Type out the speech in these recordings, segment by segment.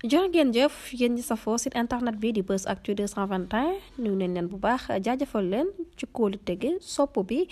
jërë ngeen jëf yéen ñi safoo site internet bi di Buzz Actu 221 nuyu nañ leen bu baax jaajëfal leen ci kóolu tege sopp bi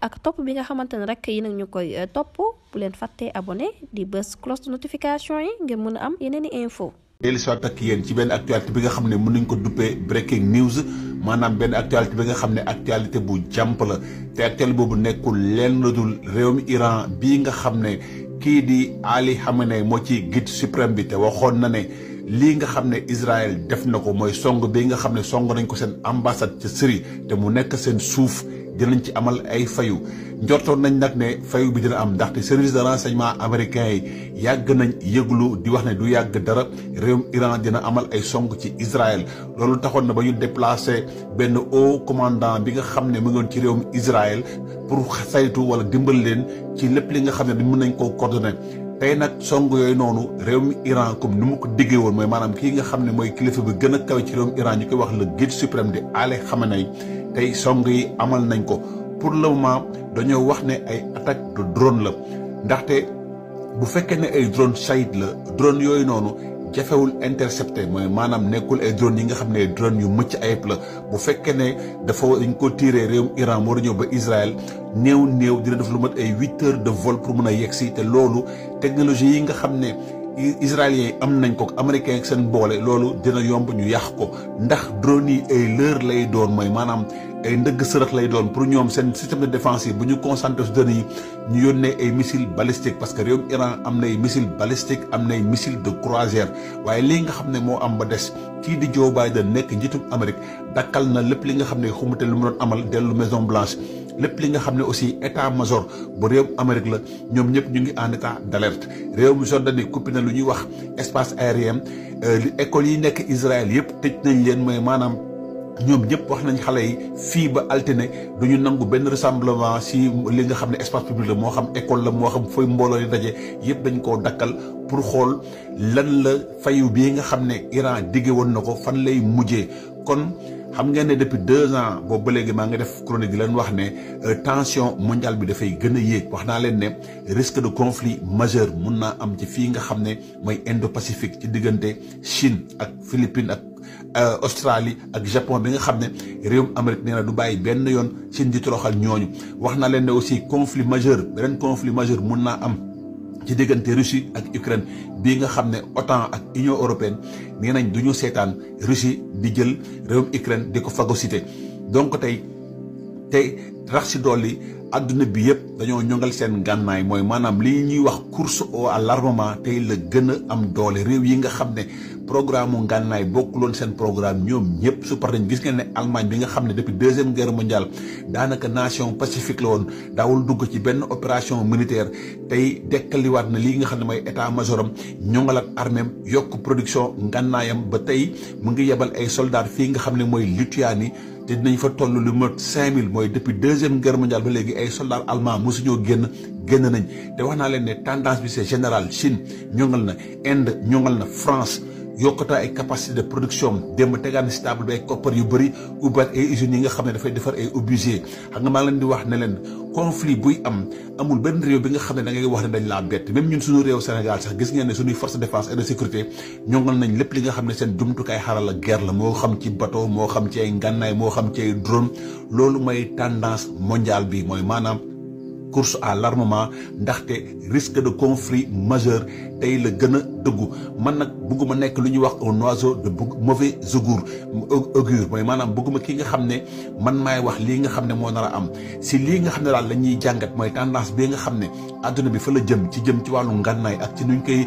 ak topp bi nga xamante ne rek yi nag ñu koy euh, topp bu leen fàttee abone di bës cloche de notification yi ngir mën a am yeneen i info dellu soit ak yéen ci benn actualité bi nga xam ne mën nañ ko duppee breaking news maanaam benn actualité bi nga xam ne actualité bu jàmp la te actuel boobu nekkul lenn la dul mi Iran bi nga xam ne kii di Ali Khamenei moo ci guide suprême bi te waxoon na ne lii nga xam ne Israël def na ko mooy song bi nga xam ne song nañ ko seen ambassade ca Syrie te mu nekk seen suuf dinañ ci amal ay fayu jortoon nañ nag ne fayu bi dina am ndaxte service de renseignement américain yi yàgg nañ yëglu di wax ne du yàgg dara réewum Iran dina amal ay song ci Israël loolu taxoon na ba ñu déplacé benn haut commandant bi nga xam ne mu ngi woon ci réewum Israël pour saytu wala dimbal leen ci lépp li nga xam ne bi mën nañ koo coordonné tey nag song yooyu noonu réewum Iran comme ni mu ko déggee woon mooy maanaam kii nga xam ne mooy kilifa bi gën a kawe ci réewum koy wax le guide suprême de Ali Khamenei tey song yi amal nañ ko pour le moment dañoo wax ne ay attaque drone la ndaxte bu fekkee ne ay drone Shahed la drone yooyu noonu jafewul intercepté mooy maanaam nekkul ay drone yi nga xam ne drone yu mucc ayib la bu fekkee ne dafa dañ ko tiiree réewum Iran war a ñëw ba néew néew dina def lu mat ay huit heures de vol pour mën a yegg si te loolu technologie yi nga xam ne israéliens yi am nañ ko américain ak seen boole loolu dina yomb ñu yàq ko ndax drone yi ay leurre lay doon mooy maanaam ay ndëgg sërëx lay doon pour ñoom seen système de défense yi bu ñu concentré su dënn yi ñu yónnee ay missiles balistiques parce que réewum Iran am nay missiles balistiques am nay missiles de croisière waaye lii nga xam ne moo am ba des kii di Joe Biden nekk njiitum Amérique dakkal na lépp li nga xam ne xumute lu mu doon amal dellu Maison Blanche lépp li nga xam ne aussi état major bu réewum Amérique la ñoom ñëpp ñu ngi en état d'alerte réewum Jordanie coupé na lu ñuy wax espace aérien euh, écoles yi nekk Israël yëpp tëj nañ leen maanaam ñoom ñëpp wax nañ xale yi fii ba altine du ñu nangu benn rassemblement si li nga xam ne espace public la moo xam école la moo xam fooy mbooloo yu daje yëpp dañ koo dakkal pour xool lan la fayu bii nga xam ne Iran digge woon na ko fan lay mujjee kon xam ngeen ne depuis deux ans boobu ba léegi maa ngi def chronique di leen wax ne euh, tension mondiale bi dafay gën a yéeg wax naa leen ne risque de conflit majeur mun naa am ci fii nga xam ne mooy Indo-Pacifique ci diggante Chine ak Philippines Euh, Australie ak Japon bi nga xam ne réew Amérique nee du bàyyi benn yoon seen di toroxal ñooñu wax na leen ne aussi conflit majeur beneen conflit majeur mun naa am ci diggante Russie ak Ukraine bii nga xam ne OTAN ak Union européenne nee nañ du seetaan Russie di jël réew Ukraine di ko phagocyté donc tey te rax si yi àdduna bi yëpp dañoo ñongal seen gànnaay mooy maanaam li ñuy wax course au à tey la gën a am doole réew yi nga xam ne programme mu ngànnaay bokkuloon seen programme ñoom ñëpp su par nañ gis ngeen ne Allemagne bi nga xam ne depuis deuxième guerre mondiale daanaka nation pacifique la woon daawul dugg ci benn opération militaire tey dekkaliwaat na lii nga xam ne mooy état major am ñoŋalaat armée yokk production ngànnaayam ba tey mu ngi yebal ay soldats fii nga xam ne mooy Lituanie. te dinañ fa toll lu mot 5000 mooy depuis deuxième guerre mondiale ba léegi ay soldats allemands mosuñoo génn génn nañ te wax naa leen ne tendance bi général Chine ñoŋal na Inde ñoŋal na France. yokkataa ay capacité de production am démb tegaan bi ay koppar yu bëri ubbaat ay usines yi nga xam ne dafay defar ay obligé xam nga maa leen di wax ne leen conflit buy am amul benn réew bi nga xam ne da ngay wax ne dañ laa bett même ñun suñu réew Sénégal sax gis ngeen ne suñuy force de défense et de sécurité ñongal nañ lépp li nga xam ne seen jumtukaay xarala guerre la moo xam ci bateau moo xam ci ay ngànnaay moo xam ci ay drone loolu mooy tendance mondiale bi mooy maanaam course à l'armement ndaxte risque de conflit majeur tey la gën a dëggu man nag bugguma nekk lu ñuy wax un oiseau de mauvais augure augure mooy maanaam bugguma kii nga xam ne man maay wax lii nga xam ne moo nar a am si lii nga xam ne daal la ñuy jàngat mooy tendance bi nga xam ne àdduna bi fa la jëm ci jëm ci wàllu ngànnaay ak ci nuñ koy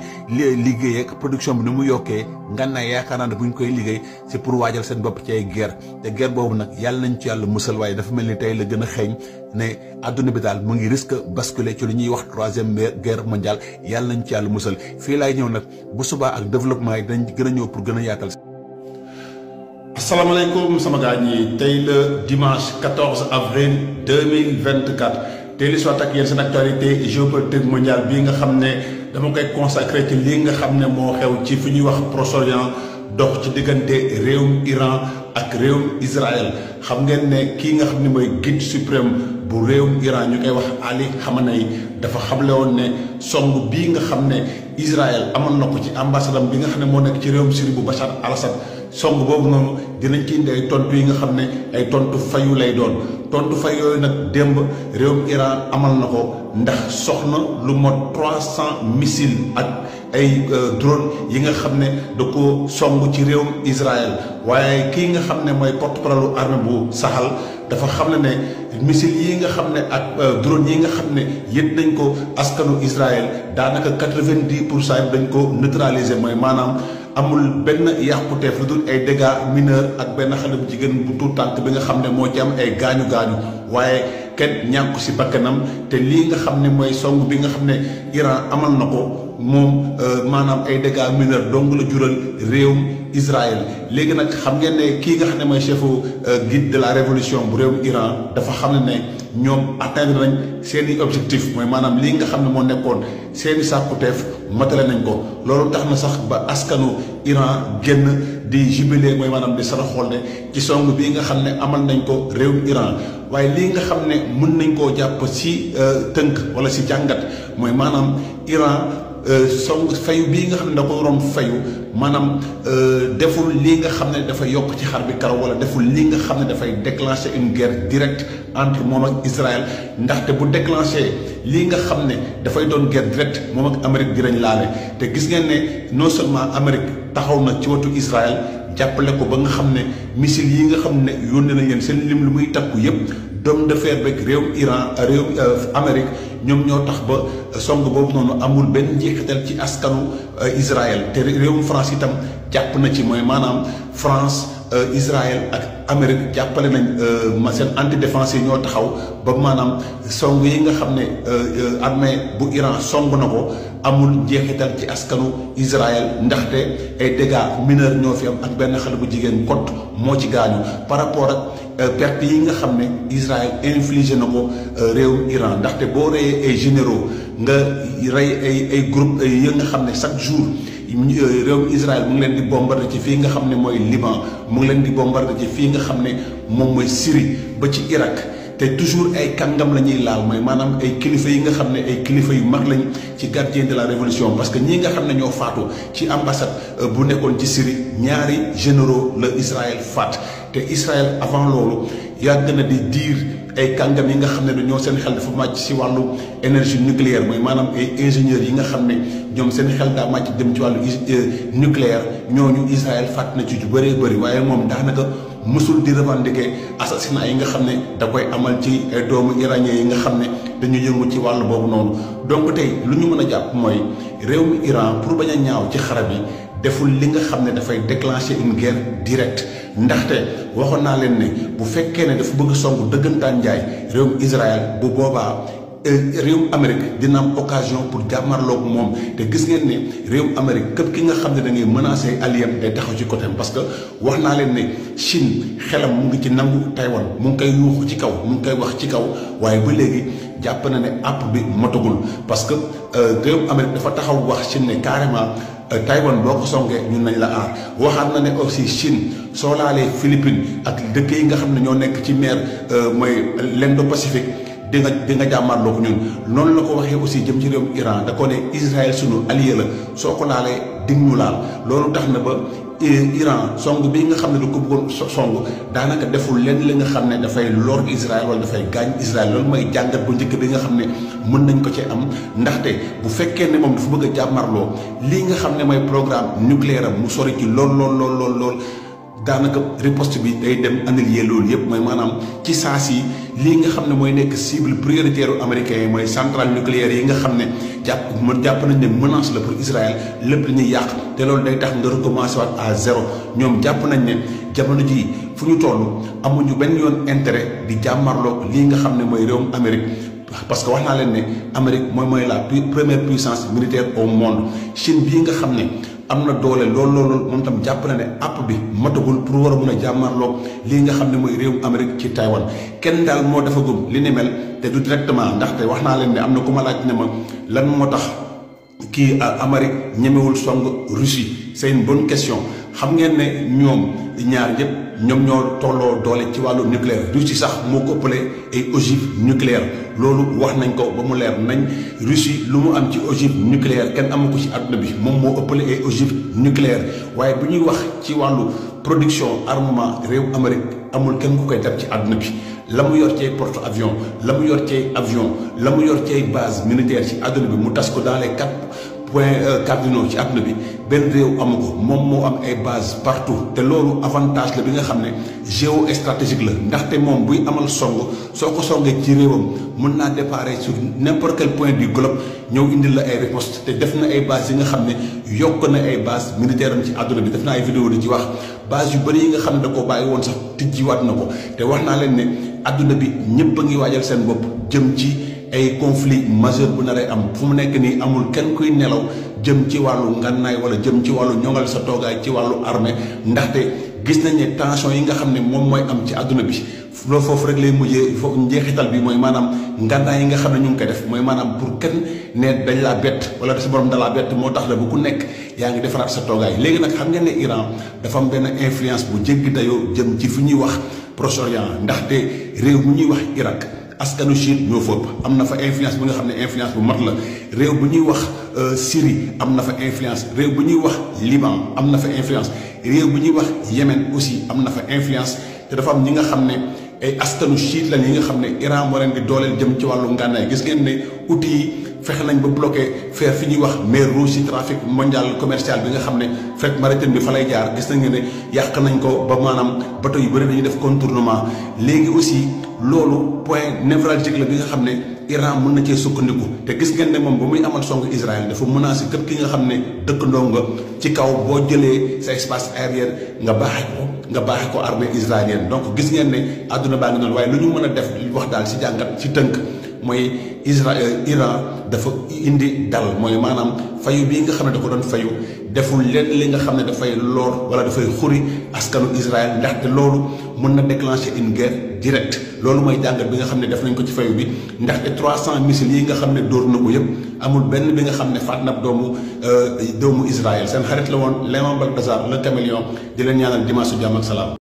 liggéeyee production bi nu mu yokkee ngànnaay yaakaar naa ne buñ koy liggéey si pour waajal seen bopp ci ay guerre te guerre boobu nag yàlla nañ ci yàlla musal waaye dafa mel ni tey la gën a xeeñ ne àdduna bi daal mu ngi risque basculer ci lu ñuy wax troisième guerre mondiale yàlla nañ ci yàlla musal fii laay ñëw nag bu subaa ak développement yi dañ gën a ñëw pour gën a yaatal. asalaamaaleykum sama gaa yi tey le dimanche 14 avril 2024 tey li soit ak yéen seen actualité géopolitique mondiale bii nga xam ne dama koy consacré ci lii nga xam ne moo xew ci fi ñuy wax Proche-Orient dox ci diggante réewum Iran ak réew Israël xam ngeen ne kii nga xam ne mooy guide suprême bu réewum Iran ñu koy wax Ali Khamenei dafa xamle woon ne song bii nga xam ne. Israël amoon na ko ci ambassadam bi nga xam ne moo nekk ci réewum Syrie bu Bachar al-Assad song boobu noonu dinañ ci indi ay tontu yi nga xam ne ay tontu fayu lay doon tontu fay yooyu nag démb réewum Iran amal na ko ndax soxna lu mot trois cent missiles ak ay euh, drone yi nga xam ne da ko song ci réewum Israël waaye kii nga xam ne mooy porte-parole armée bu Sahel dafa xam ne ne missile yi nga xam ne ak euh, drone yi nga xam ne yët nañ ko askanu Israël daanaka quatre-vingt-dix pour cent dañ ko neutraliser mooy maanaam amul benn yàquteef lu dul ay dégâts mineurs ak benn xale bu jigéen bu tuut tànk bi nga xam ne moo ci am ay gaañu gaañu waaye kenn ñànku si bakkanam te lii nga xam ne mooy song bi nga xam ne Iran amal na ko. moom euh, maanaam ay dégâts mineurs dong la jural réewum Israël léegi nag xam ngeen ne kii nga xam ne mooy chefu euh, guide de la révolution bu réewum Iran dafa xam ne ñoom atteindre nañ seen i objectif mooy maanaam lii nga xam ne moo nekkoon seen i sàkkuteef matale nañ ko loolu tax na sax ba askanu Iran génn di jubilé mooy maanaam di sara xool ne ci song bii nga xam ne amal nañ ko réewum Iran waaye lii nga xam ne mën nañ koo jàpp si euh, tënk wala si jàngat mooy maanaam Iran Euh, sow fayu bii nga xam ne da ko waroon fayu maanaam euh, deful lii nga xam ne dafa yokk ci xar bi karaw wala deful lii nga xam ne dafay déclencher une guerre directe entre moom ak Israël ndaxte bu déclenché lii nga xam ne dafay doon guerre directe moom ak Amérique dinañ laale te gis ngeen ne non seulement Amérique taxaw na ci wetu Israël jàppale ko ba nga xam ne missile yi nga xam ne yónnee na leen seen lim lu muy takku yépp dôme de fer beeg réew Iran réew euh, Amérique ñoom ñoo tax ba song boobu noonu amul benn njeexital ci askanu euh, Israël te réewum France itam jàpp na ci mooy maanaam France euh, Israël ak Amérique jàppale nañ euh, ma seen anti yi ñoo taxaw ba maanaam song yi nga xam ne euh, euh, armée bu Iran song na ko amul njeexital ci askanu Israël ndaxte ay dégâts mineurs ñoo fi am ak benn xale bu jigéen kott moo ci gaañu par rapport ak perte yi nga xam ne Israël infligé na ko réewum Iran ndaxte boo reyee ay généraux nga rey ay ay groupe yi nga xam ne chaque jour. Euh, réew Israël mu ngi leen di bombardé ci fii nga xam ne mooy Liban mu ngi leen di bombardé ci fii nga xam ne moom mooy siri ba ci Irak te toujours ay kàngam la ñuy laal mooy maanaam ay kilifa yi nga xam ne ay kilifa yu mag lañ ci gardien de la révolution parce que ñii nga xam ne ñoo faatu ci ambassade euh, bu nekkoon ci siri ñaari généraux la Israël faat te Israël avant loolu yàgg na di diir. ay kàngam yi nga xam ne dañoo seen xel dafa màcc si wàllu énergie nucléaire mooy maanaam ay ingénieurs yi nga xam ne ñoom seen xel daa màcc dem ci wàllu euh, nucléaire ñooñu Israël fàtt na ci ju bëree bëri waaye moom daanaka mosul di revendiquer assassinat yi nga xam ne da koy amal ci euh, doomu iranien yi nga xam ne dañu yëngu ci wàll boobu noonu donc tey lu ñu mën a jàpp mooy réew mi Iran pour bañ a ñaaw ci xarab yi deful li nga xam ne dafay déclencher une guerre directe ndaxte waxoon naa leen ne bu fekkee ne dafa bëgg song dëggantaan njaay réewum Israël bu boobaa euh, réewum Amérique dina am occasion pour jàmmarloog moom te gis ngeen ne réewum Amérique képp ki nga xam ne da ngay menacer alliéem day taxaw ci côté parce que wax naa leen ne Chine xelam mu ngi ci nangu Taïwan mu ngi koy yuuxu ci kaw mu ngi koy wax ci kaw waaye ba léegi jàpp na ne àpp bi motagul parce que euh, réewum Amérique dafa taxaw wax Chine ne carrément. Taïwan boo ko songee ñun nañ la aar waxaat na ne aussi Chine soo laalee Philippines ak dëkk yi nga xam ne ñoo nekk ci mer euh, mooy l'Indo-Pacifique di nga di nga jàmmarloo ko ñun noonu la ko waxee aussi jëm ci réewum Iran da ko ne Israël sunu allié la soo ko laalee dig ñu laal loolu tax na ba. Iran song bi nga xam ne da ko bëggoon song daanaka deful lenn li nga xam ne dafay lor Israël wala dafay gaañ Israël loolu mooy jàngat bu njëkk bi nga xam ne mën nañ ko ci am ndaxte bu fekkee ne moom dafa bëgg a jàmmarloo lii nga xam ne mooy programme nucléaire am mu sori ci lool lool lool lool lool daanaka riposte bi day dem annuler loolu yëpp mooy maanaam ci saa si lii nga xam ne mooy nekk cible prioritaire américain yi mooy centrale nucléaire yi nga xam ne jàpp mën jàpp nañ ne menace la pour Israël lépp la ñuy yàq te loolu day tax nga recommencer waat à zéro ñoom jàpp nañ ne jamono jii fu ñu toll amuñu benn yoon intérêt di jàmmarloo lii nga xam ne mooy réew Amérique. parce que wax naa leen ne Amérique mooy mooy la première puissance militaire au monde Chine bii nga xam ne am na doole lool lool moom tam jàpp na ne àpp bi matagul pour war a mun a jàmmarloo lii nga xam ne mooy réew Amérique ci Taïwan kenn daal moo defagum li ni mel te du directement ndaxte wax naa leen ne am na ku ma laaj ne ma lan moo tax kii Amérique ñemewul song Russie c'est bon question xam ngeen ne ñoom ñaar yëpp. ñoom ñoo tolloo doole ci wàllu nucléaire Russie sax moo ko ëppale ay ogive nucléaire loolu wax nañ ko ba mu leer nañ Russie lu mu am ci ogive nucléaire kenn amu ko ci àdduna bi moom moo ëppale ay ogive nucléaire waaye bu ñuy wax ci wàllu production armement réew Amérique amul kenn ku koy dab ci àdduna bi la mu yor ci porte avion la mu yor ci avion la mu yor ci base militaire ci àdduna bi mu tas ko dans les quatre euh, cardinaux ci àdduna bi benn réew amu ko moom moo am ay base partout te loolu avantage la bi nga xam ne géostratégique la ndaxte moom buy amal song soo ko songee ci réewam mën naa déparé sur n'importe quel point du globe ñëw indil la ay riposte te def na ay baas yi nga xam ne yokk na ay baas militaire am ci àdduna bi def na ay vidéo di ci wax base yu bëri yi nga xam ne da koo bàyyi woon sax tijjiwaat na ko te wax naa leen ne àdduna bi ñëpp a ngi waajal seen bopp jëm ci ay conflit majeur bu naree am fu mu nekk nii amul kenn kuy nelaw jëm ci wàllu ngànnaay wala jëm ci wàllu ñoŋal sa toogaay ci wàllu armée ndaxte gis nañ ne tension yi nga xam ne moom mooy am ci àdduna bi loolu foofu rek lay mujjee foofu njeexital bi mooy maanaam ngànnaay yi nga xam ne ñu ngi koy def mooy maanaam pour kenn ne dañ laa bett wala sa borom da laa bett moo tax la bu ku nekk yaa ngi defaraat sa toogaay léegi nag xam ngeen ne Iran dafa am benn influence bu jéggi dayoo jëm ci fi ñuy wax proche ndaxte réew mu ñuy wax Irak askanu Chine ñoo fa am na fa influence bi nga xam ne influence bu mat la réew bu ñuy wax euh, Syrie am na fa influence réew bu ñuy wax Liban am na fa influence réew bu ñuy wax Yémen aussi am na fa influence te dafa am ñi nga xam ne ay askanu Chine la ñi nga xam ne Iran moo di dooleel jëm ci wàllu ngànnaay gis ngeen ne outils yi fexe nañ ba bloqué faire fi ñuy wax mer rouge ci trafic mondial commercial bi nga xam ne fekk maritime bi fa lay jaar gis nañ ne yàq nañ ko ba maanaam bateau yu bëri dañuy def contournement léegi aussi loolu point névralgique la bi nga xam ne Iran mën na cee sukkandiku te gis ngeen ne moom ba muy amal song Israël dafa menacé képp ki nga xam ne dëkkandoo nga ci kaw boo jëlee sa espace aérien nga baaxe ko nga baaxe ko armée israélienne donc gis ngeen ne àdduna baa ngi noonu waaye lu ñu mën a def wax daal ci jàngat ci tënk mooy Isra Iran dafa indi dal mooy maanaam fayu bii nga xam ne da ko doon fayu deful lenn li nga xam ne dafay lor wala dafay xuri askanu Israël ndaxte loolu mën na déclencher une guerre directe loolu mooy jàngat bi nga xam ne def nañ ko ci fayu bi ndaxte 300 missiles yi nga xam ne dóor na ko yëpp amul benn bi nga xam ne faat na doomu euh, doomu Israël seen xarit la woon Léon Balthazar le caméléon di leen ñaanal dimanche su jàmm ak salaam.